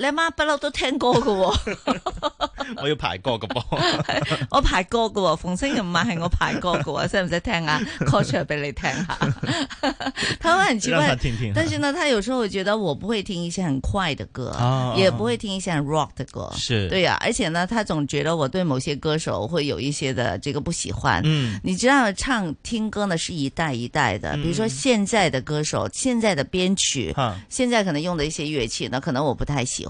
你阿媽不嬲都聽歌嘅， 我要排歌嘅噃 我排歌嘅，逢星期五係我排歌嘅，使唔使聽啊？call 出嚟畀你聽下。他會很奇怪，聽聽但是呢，他有時候會覺得我不會聽一些很快的歌，哦哦也不會聽一些很 rock 的歌，是對呀、啊。而且呢，他總覺得我對某些歌手會有一些的這個不喜歡。嗯，你知道唱聽歌呢是一代一代的，比如說現在的歌手、現在的編曲、嗯、現在可能用的一些樂器呢，可能我不太喜歡。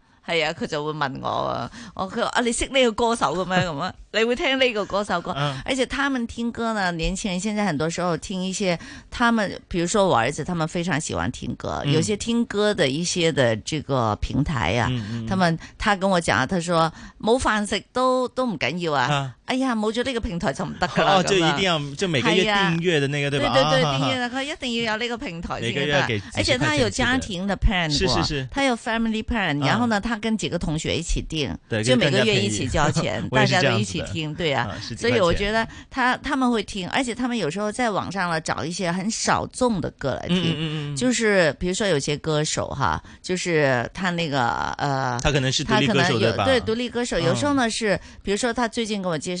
係啊，佢就會問我啊，哦佢話啊，你識呢個歌手咁樣咁啊， 你會聽呢個歌手歌。啊、而且他們聽歌呢，年輕人現在很多時候聽一些，他們譬如說我兒子，他們非常喜歡聽歌，嗯、有些聽歌的一些的這個平台啊，嗯、他們他跟我講，佢說冇飯食都都唔緊要啊。啊哎呀，冇咗這個平台就唔得噶哦，就一定要就每個月訂閱的那個，對吧？對對對，訂閱佢一定要有呢個平台。每個月給而且他有家庭的 plan，是是是，他有 family plan。然後呢，他跟幾個同學一起訂，就每個月一起交錢，大家都一起聽，對啊。所以我覺得他他們會聽，而且他們有時候在網上呢找一些很少眾的歌來聽，就是比如說有些歌手哈，就是他那個，呃，他可能是獨立歌手對吧？對，獨立歌手。有時候呢是，比如說他最近跟我介紹。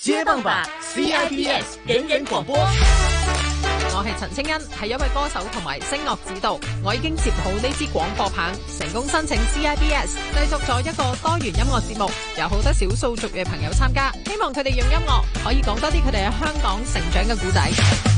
接棒吧，C I B S 電影廣播，我係陳清恩，係一位歌手同埋聲樂指導。我已經接好呢支廣播棒，成功申請 C I B S，製作咗一個多元音樂節目，有好多少數族嘅朋友參加，希望佢哋用音樂可以講多啲佢哋喺香港成長嘅故仔。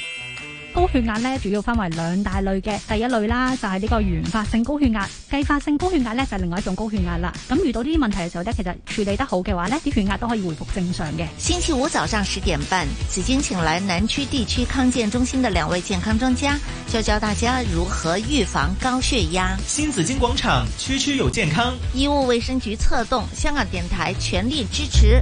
高血壓咧，主要分為兩大類嘅。第一類啦就係呢個原發性高血壓，繼發性高血壓咧就係另外一種高血壓啦。咁遇到呢啲問題嘅時候咧，其實處理得好嘅話咧，啲血壓都可以回復正常嘅。星期五早上十點半，紫荊請來南區地區康健中心嘅兩位健康專家，就教大家如何預防高血壓。新紫荊廣場，區區有健康，醫務衛生局策動，香港電台全力支持。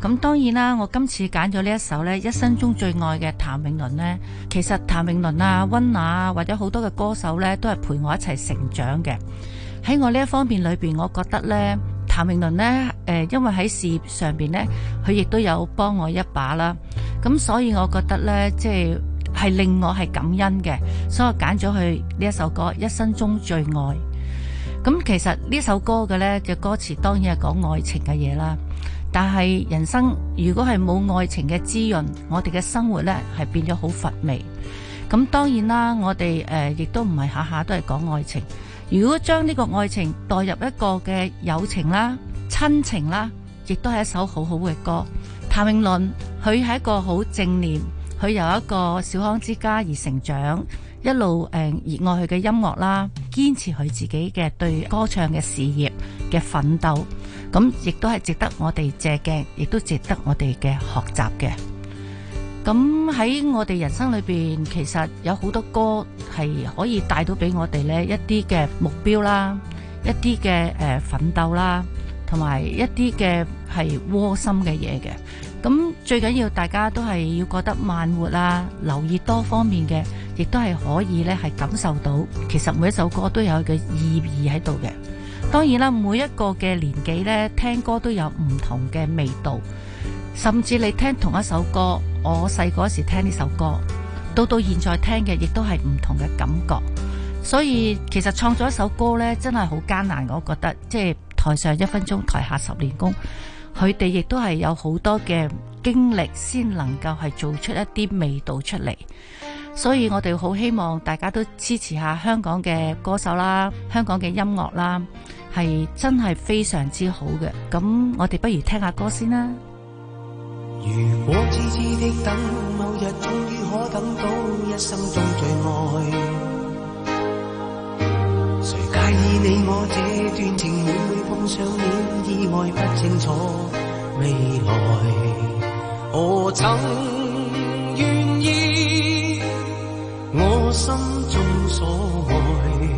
咁當然啦，我今次揀咗呢一首咧，一生中最愛嘅譚詠麟呢。其實譚詠麟啊、溫拿啊，或者好多嘅歌手呢，都係陪我一齊成長嘅。喺我呢一方面裏邊，我覺得呢，譚詠麟呢，誒、呃，因為喺事業上邊呢，佢亦都有幫我一把啦。咁所以我覺得呢，即係係令我係感恩嘅，所以我揀咗佢呢一首歌《一生中最愛》。咁其實呢首歌嘅呢嘅歌詞當然係講愛情嘅嘢啦。但係人生如果係冇愛情嘅滋潤，我哋嘅生活呢係變咗好乏味。咁當然啦，我哋誒亦都唔係下下都係講愛情。如果將呢個愛情代入一個嘅友情啦、親情啦，亦都係一首好好嘅歌。譚詠麟，佢係一個好正念，佢由一個小康之家而成長，一路誒熱愛佢嘅音樂啦，堅持佢自己嘅對歌唱嘅事業嘅奮鬥。咁亦都係值得我哋借鏡，亦都值得我哋嘅學習嘅。咁喺我哋人生裏邊，其實有好多歌係可以帶到俾我哋呢一啲嘅目標啦，一啲嘅誒奮鬥啦，同埋一啲嘅係窩心嘅嘢嘅。咁最緊要大家都係要覺得慢活啦，留意多方面嘅，亦都係可以呢係感受到，其實每一首歌都有佢嘅意義喺度嘅。當然啦，每一個嘅年紀呢，聽歌都有唔同嘅味道。甚至你聽同一首歌，我細個嗰時聽呢首歌，到到現在聽嘅亦都係唔同嘅感覺。所以其實創作一首歌呢，真係好艱難。我覺得即係、就是、台上一分鐘，台下十年功。佢哋亦都係有好多嘅經歷，先能夠係做出一啲味道出嚟。所以我哋好希望大家都支持下香港嘅歌手啦，香港嘅音樂啦。係真係非常之好嘅。咁我哋不如聽下歌先啦。如果痴痴地等某日，終於可等到一生中最愛。誰介意你我這段情每，每每碰上了意外，不清楚未來。何曾願意？我心中所愛。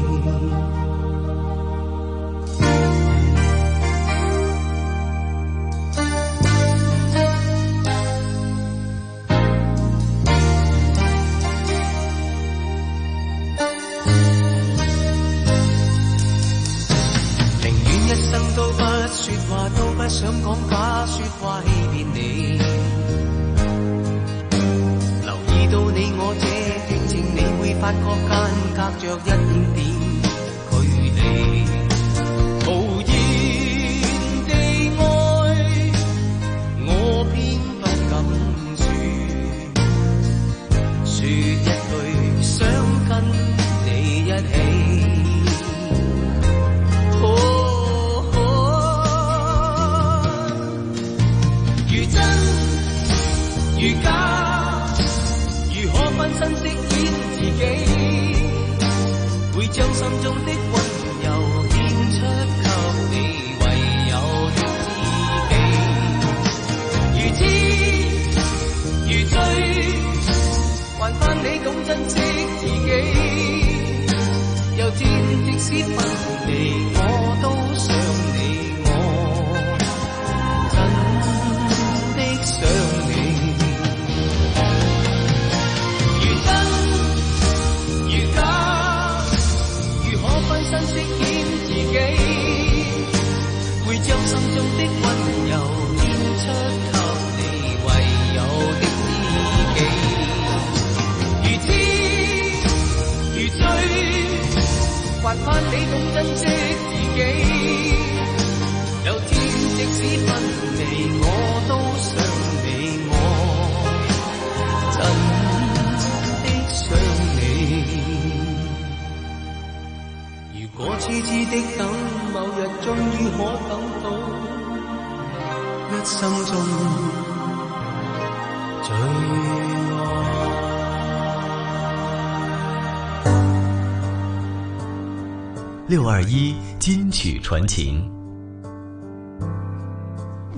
六二一金曲傳情，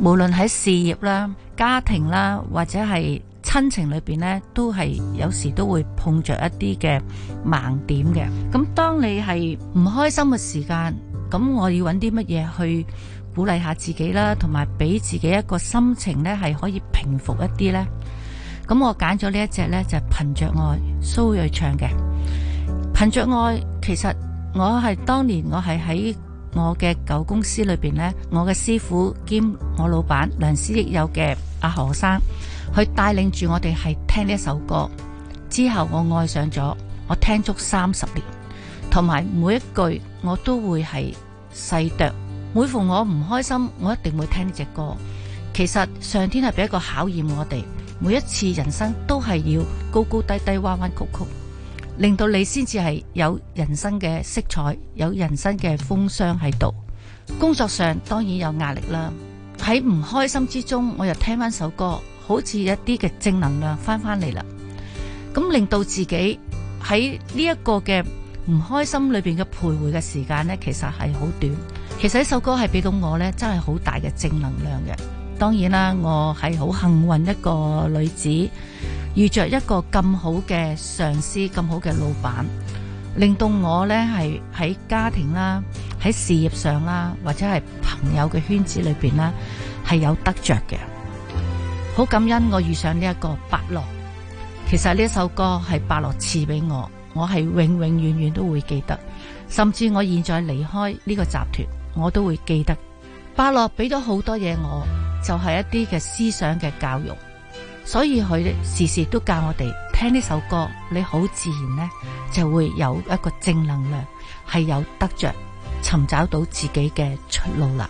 無論喺事業啦、家庭啦，或者係親情裏邊呢，都係有時都會碰着一啲嘅盲點嘅。咁當你係唔開心嘅時間，咁我要揾啲乜嘢去鼓勵下自己啦，同埋俾自己一個心情呢，係可以平復一啲呢。咁我揀咗呢一隻呢，就係、是、憑着愛，蘇芮唱嘅，憑着愛其實。我係當年我係喺我嘅舊公司裏邊呢。我嘅師傅兼我老闆良師益友嘅，阿何生，佢帶領住我哋係聽呢一首歌，之後我愛上咗，我聽足三十年，同埋每一句我都會係細啄，每逢我唔開心，我一定會聽呢隻歌。其實上天係俾一個考驗我哋，每一次人生都係要高高低低、彎彎曲曲。令到你先至係有人生嘅色彩，有人生嘅風霜喺度。工作上當然有壓力啦，喺唔開心之中，我又聽翻首歌，好似一啲嘅正能量翻翻嚟啦。咁令到自己喺呢一個嘅唔開心裏邊嘅徘徊嘅時間呢，其實係好短。其實呢首歌係俾到我呢，真係好大嘅正能量嘅。當然啦，我係好幸運一個女子。遇着一個咁好嘅上司、咁好嘅老闆，令到我呢係喺家庭啦、喺事業上啦，或者係朋友嘅圈子裏邊啦，係有得着嘅。好感恩我遇上呢一個伯樂。其實呢首歌係伯樂賜俾我，我係永永遠遠都會記得。甚至我現在離開呢個集團，我都會記得。伯樂俾咗好多嘢，我就係、是、一啲嘅思想嘅教育。所以佢時時都教我哋聽呢首歌，你好自然咧就會有一個正能量，係有得着，尋找到自己嘅出路啦。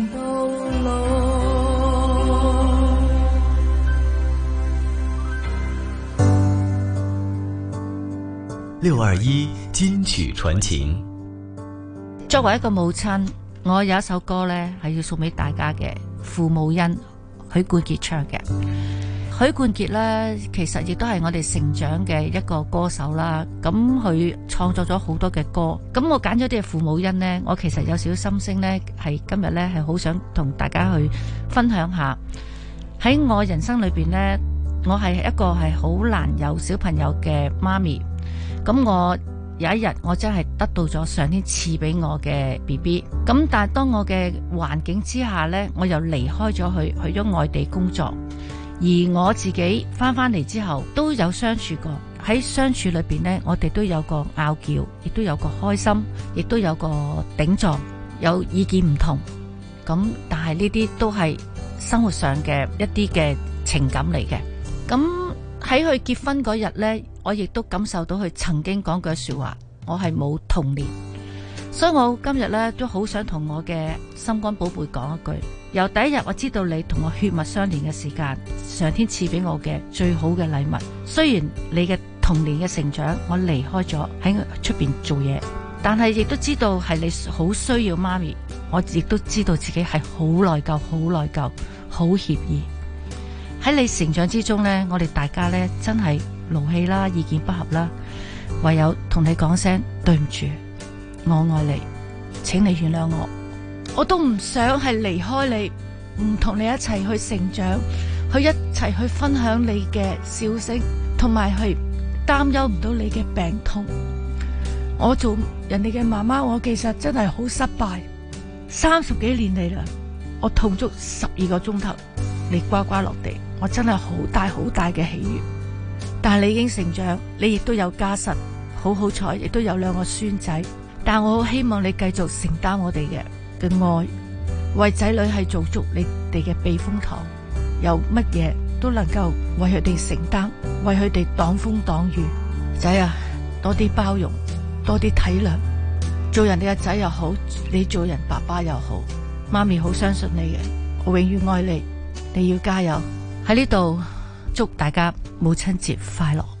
六二一金曲傳情。作為一個母親，我有一首歌呢，係要送俾大家嘅《父母恩》，許冠傑唱嘅。許冠傑呢，其實亦都係我哋成長嘅一個歌手啦。咁佢創作咗好多嘅歌，咁我揀咗啲《父母恩》呢，我其實有少少心聲呢，係今日呢係好想同大家去分享下。喺我人生裏面呢，我係一個係好難有小朋友嘅媽咪。咁我有一日，我真係得到咗上天賜俾我嘅 BB。咁但係當我嘅環境之下呢，我又離開咗佢，去咗外地工作，而我自己翻翻嚟之後都有相處過。喺相處裏邊呢，我哋都有個拗撬，亦都有個開心，亦都有個頂撞，有意見唔同。咁但係呢啲都係生活上嘅一啲嘅情感嚟嘅。咁喺佢結婚嗰日呢。我亦都感受到佢曾經講過說話，我係冇童年，所以我今日咧都好想同我嘅心肝寶貝講一句，由第一日我知道你同我血脈相連嘅時間，上天賜俾我嘅最好嘅禮物。雖然你嘅童年嘅成長我離開咗喺出邊做嘢，但係亦都知道係你好需要媽咪，我亦都知道自己係好內疚、好內疚、好歉意。喺你成長之中呢，我哋大家呢，真係。勞氣啦，意見不合啦，唯有同你講聲對唔住，我愛你，請你原諒我。我都唔想係離開你，唔同你一齊去成長，去一齊去分享你嘅笑聲，同埋去擔憂唔到你嘅病痛。我做人哋嘅媽媽，我其實真係好失敗，三十幾年嚟啦，我痛足十二個鐘頭，你呱呱落地，我真係好大好大嘅喜悅。但係你已經成長，你亦都有家室，好好彩，亦都有兩個孫仔。但我好希望你繼續承擔我哋嘅嘅愛，為仔女係做足你哋嘅避風塘，有乜嘢都能夠為佢哋承擔，為佢哋擋風擋雨。仔啊，多啲包容，多啲體諒，做人哋嘅仔又好，你做人爸爸又好，媽咪好相信你嘅，我永遠愛你，你要加油喺呢度。在這裏祝大家母親節快樂。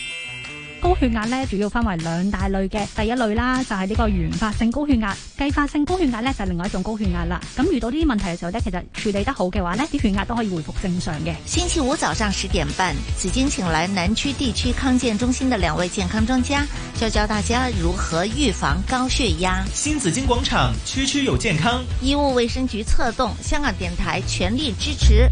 高血壓咧主要分為兩大類嘅，第一類啦就係呢個原發性高血壓，繼發性高血壓咧就係另外一種高血壓啦。咁遇到呢啲問題嘅時候咧，其實處理得好嘅話咧，啲血壓都可以回復正常嘅。星期五早上十點半，紫荊請來南區地區康健中心嘅兩位健康專家，就教大家如何預防高血壓。新紫荊廣場，區區有健康。醫務衛生局策動，香港電台全力支持。